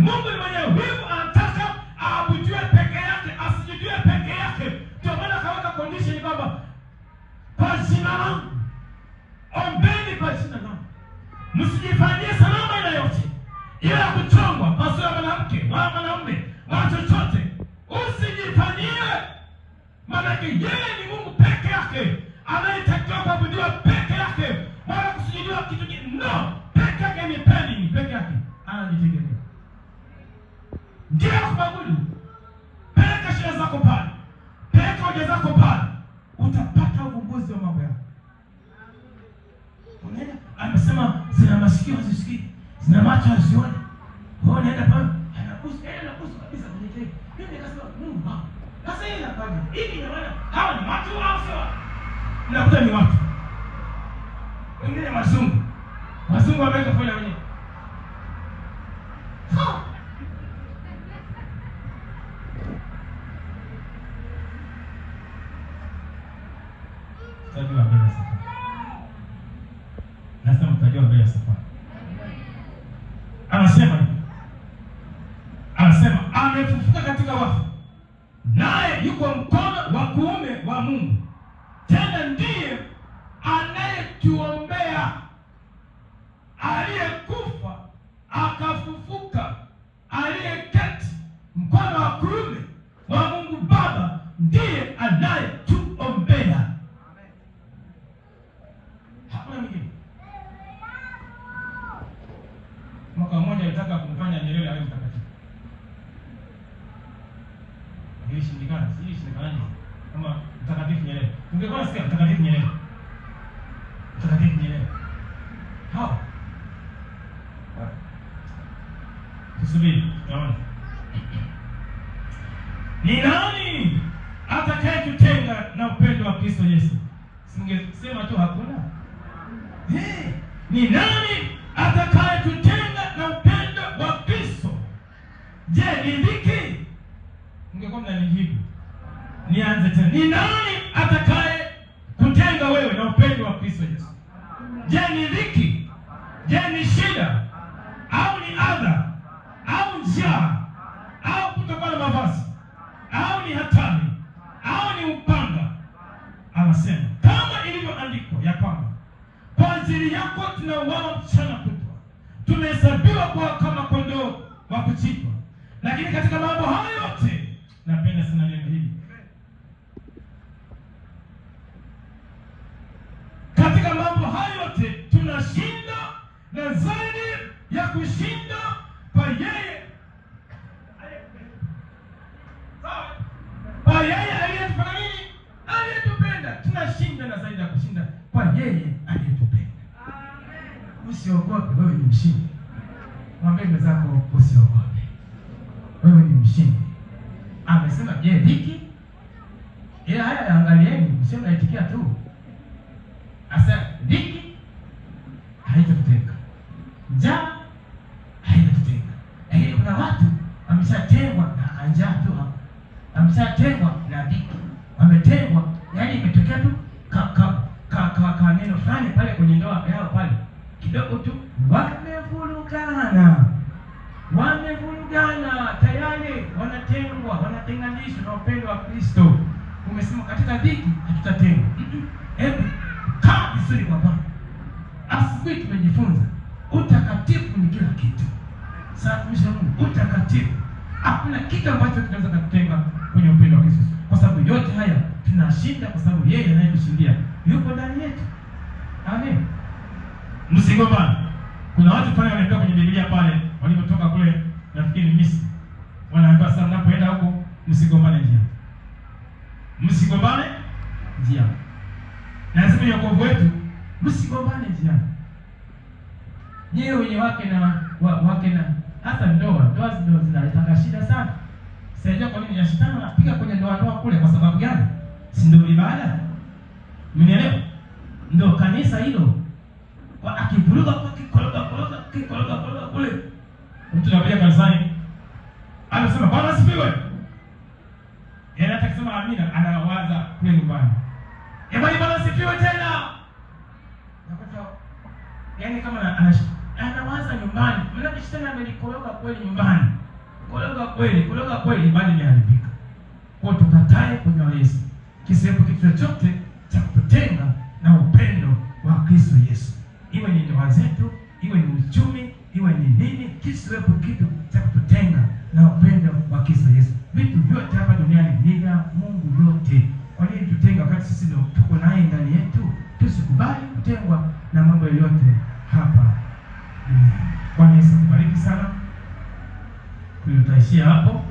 Mungu ni mwenye wivu, anataka aabudiwe peke yake, asijudiwe peke yake. Ndio maana akaweka condition kwamba kwa jina langu ombeni, kwa jina langu msijifanyie sanamu yoyote ile ya kuchongwa, maso ya mwanamke wala mwanaume wala chochote, usijifanyie. Maanake yeye ni Mungu peke yake anayetakiwa kuabudiwa peke yake, wala kusujudiwa kitu kingine no, peke yake ni peni, peke yake anajitegemea ndio ya kuabudu. Peleka shida zako pale, peleka hoja zako pale, utapata uvumbuzi wa mambo yako. Unaenda amesema, zina masikio hazisikii, zina macho hazioni, wewe unaenda pale, anakusu anakusu kabisa kwenye teke. Mimi nikasema Mungu wangu, sasa hii inapaje? Hivi ina maana hawa ni watu wa sio? Nakuta ni watu wengine wazungu, wazungu wameweka fanya wenyewe lazima mtajua mbele ya safari. Anasema anasema amefufuka katika wafu, naye yuko mkono wa kuume wa Mungu, tena ndiye anayetuombea, aliyekufa akafufuka, aliyeketi mkono wa kuume wa Mungu Baba, ndiye anaye alitaka kumfanya Nyerere awe mtakatifu. Hiyo shindikana, si shindikana kama mtakatifu Nyerere. Ungekuwa sikia mtakatifu Nyerere. Mtakatifu Nyerere. Hao. Tusubiri, tunaona. Ni nani atakaye kutenga na upendo wa Kristo Yesu? Singesema tu hakuna. Hey, ni nani atakaye niridhiki? Mngekuwa mnanijibu. Nianze tena, ni nani atakaye kutenga wewe na upendo wa Kristo Yesu? Je, ni dhiki? Je, ni shida au ni adha au njaa au kutokana na mavazi au ni hatari au ni upanga? Anasema kama ilivyoandikwa ya kwamba kwa ajili yako tunauawa mchana kutwa, tumehesabiwa kuwa kama kondoo wa kuchinjwa. Lakini katika mambo hayo yote napenda sana neno hili. Katika mambo hayo yote tunashinda na zaidi ya kushinda kwa yeye kwa yeye aliyetupenda nini? Aliyetupenda. Tunashinda na zaidi ya kushinda kwa yeye aliyetupenda. Amen. Usiogope, wewe ni mshindi. Mwambie mwenzako usiogope amesema je, hiki ila eh, haya angalieni, sio naitikia tu. Asa dhiki haitakutenga, njaa haitakutenga, lakini eh, kuna watu wameshatengwa na njaa tu, wameshatengwa na dhiki, wametengwa yaani imetokea tu ka ka ka, ka, ka neno fulani pale kwenye ndoa yao pale kidogo tu waka kuwa wanatenganishwa na upendo wa Kristo. Umesema katika dhiki hatutatengwa. Mm-hmm. Hebu kaa vizuri kwa Bwana. Asubuhi tumejifunza utakatifu ni kila kitu. Sasa Mungu, utakatifu hakuna kitu ambacho kinaweza kutenga kwenye upendo wa Yesu, kwa sababu yote haya tunashinda kwa sababu yeye anayetushindia yuko ndani yetu. Amen. Msigombane. Kuna watu pale wanaenda kwenye Biblia pale walipotoka kule, nafikiri Misri Naambiwa sana, mnapoenda huko msigombane njia, msigombane njia. Lazima Yakobo wetu msigombane njia, yeye wenye wake na wa, wake na hata ndoa ndoa ndio zinaleta shida sana. Sasa kwa nini yashitana napiga kwenye ndoa ndoa kule? Kwa sababu gani? Si ndio ibada? Mnielewa? Ndio kanisa hilo kwa akivuruga kwa kikoroga koroga kikoroga koroga kule mtu anapiga kanisani kweli nyumbani. Hebu Bwana sifiwe tena. Nakuta yani kama na, anawaza nyumbani. Mna kitu tena amelikoroga kweli nyumbani. Koroga kweli, koroga kweli imani imeharibika. Kwa tukatae kwenye Yesu. Kisepo kitu chochote cha kutenga na upendo wa Kristo Yesu. Iwe ni ndoa zetu, iwe ni uchumi, iwe ni nini, kisiwepo kitu cha kutenga na upendo wa Kristo Yesu. Vitu vyote hapa ni wakati sisi ndio tuko naye ndani yetu, tusikubali kutengwa na mambo yoyote hapa duniani. Bwana Yesu akubariki sana. Tutaishia hapo.